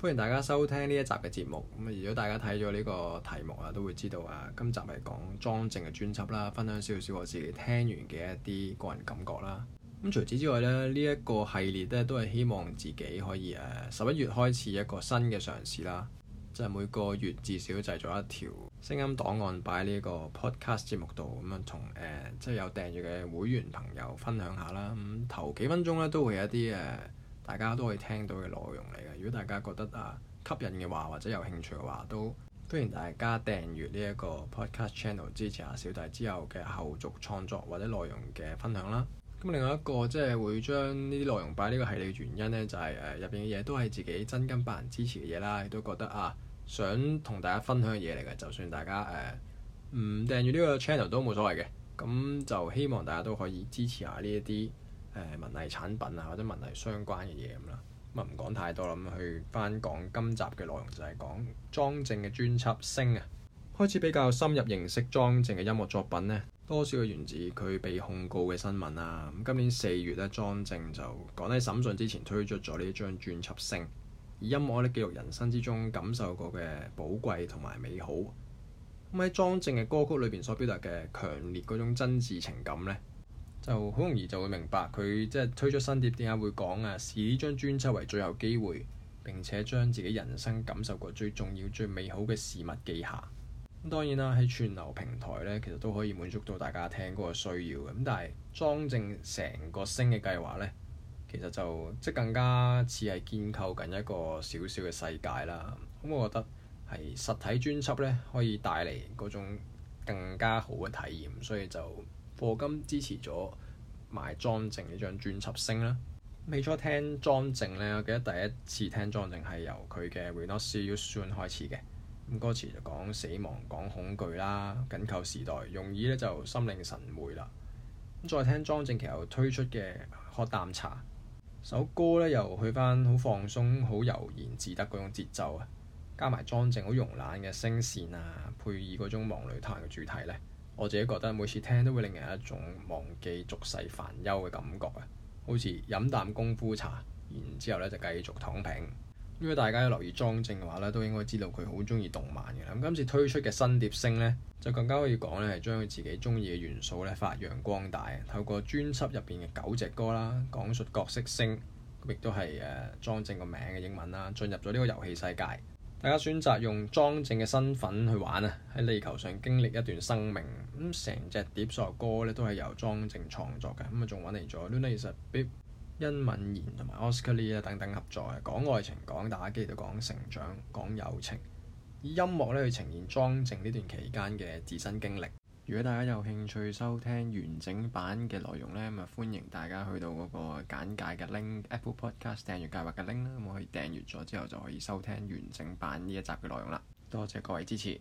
歡迎大家收聽呢一集嘅節目。咁啊，如果大家睇咗呢個題目啊，都會知道啊，今集係講莊正嘅專輯啦，分享少少我自己聽完嘅一啲個人感覺啦。咁、啊、除此之外咧，呢、這、一個系列咧都係希望自己可以誒十一月開始一個新嘅嘗試啦，即、啊、係、就是、每個月至少製作一條聲音檔案擺呢個 podcast 節目度，咁樣同誒即係有訂閱嘅會員朋友分享下啦。咁、啊、頭幾分鐘咧都會有一啲誒。啊大家都可以聽到嘅內容嚟嘅。如果大家覺得啊吸引嘅話，或者有興趣嘅話，都歡迎大家訂閲呢一個 podcast channel 支持下小弟之後嘅後續創作或者內容嘅分享啦。咁另外一個即係、就是、會將呢啲內容擺呢個系列嘅原因呢就係誒入邊嘅嘢都係自己真金白銀支持嘅嘢啦，亦都覺得啊想同大家分享嘅嘢嚟嘅。就算大家誒唔、啊、訂閲呢個 channel 都冇所謂嘅，咁就希望大家都可以支持下呢一啲。誒文藝產品啊，或者文藝相關嘅嘢咁啦，咁啊唔講太多啦。咁去翻講今集嘅內容就係、是、講莊正嘅專輯《聲》啊。開始比較深入認識莊正嘅音樂作品呢，多少嘅源自佢被控告嘅新聞啊。咁今年四月咧，莊正就趕喺審訊之前推出咗呢一張專輯《聲》，以音樂咧記錄人生之中感受過嘅寶貴同埋美好。咁喺莊正嘅歌曲裏邊所表達嘅強烈嗰種真摯情感呢。就好容易就會明白佢即係推出新碟點解會講啊，視呢張專輯為最後機會，並且將自己人生感受過最重要、最美好嘅事物記下。咁當然啦，喺串流平台呢，其實都可以滿足到大家聽嗰個需要嘅。咁但係莊正成個星嘅計劃呢，其實就即更加似係建構緊一個小小嘅世界啦。咁我覺得係實體專輯呢，可以帶嚟嗰種更加好嘅體驗，所以就課金支持咗埋莊正呢張專輯聲啦！未初聽莊正呢，我記得第一次聽莊正係由佢嘅《We Not See You Soon》開始嘅，咁歌詞就講死亡、講恐懼啦，緊扣時代，容易呢，就心領神會啦。咁再聽莊正其後推出嘅《喝啖茶》，首歌呢，又去翻好放鬆、好悠然自得嗰種節奏啊，加埋莊正好慵懶嘅聲線啊，配以嗰種忙裡嘆嘅主題呢。我自己覺得每次聽都會令人一種忘記俗世煩憂嘅感覺啊，好似飲啖功夫茶，然之後咧就繼續躺平。因為大家有留意莊正嘅話咧，都應該知道佢好中意動漫嘅啦。咁今次推出嘅新碟聲咧，就更加可以講咧係將佢自己中意嘅元素咧發揚光大，透過專輯入邊嘅九隻歌啦，講述角色聲，亦都係誒莊正個名嘅英文啦，進入咗呢個遊戲世界。大家選擇用莊正嘅身份去玩啊，喺地球上經歷一段生命。咁成隻碟所有歌咧都係由莊正創作嘅，咁啊仲揾嚟咗 Luna Is A Bep、殷敏賢同埋 Oscar Lee 等等合作，講愛情、講打機、就講成長、講友情，以音樂咧去呈現莊正呢段期間嘅自身經歷。如果大家有興趣收聽完整版嘅內容咧，咁啊歡迎大家去到嗰個簡介嘅 link，Apple Podcast 訂閱計劃嘅 link，咁我哋訂閱咗之後就可以收聽完整版呢一集嘅內容啦。多謝各位支持。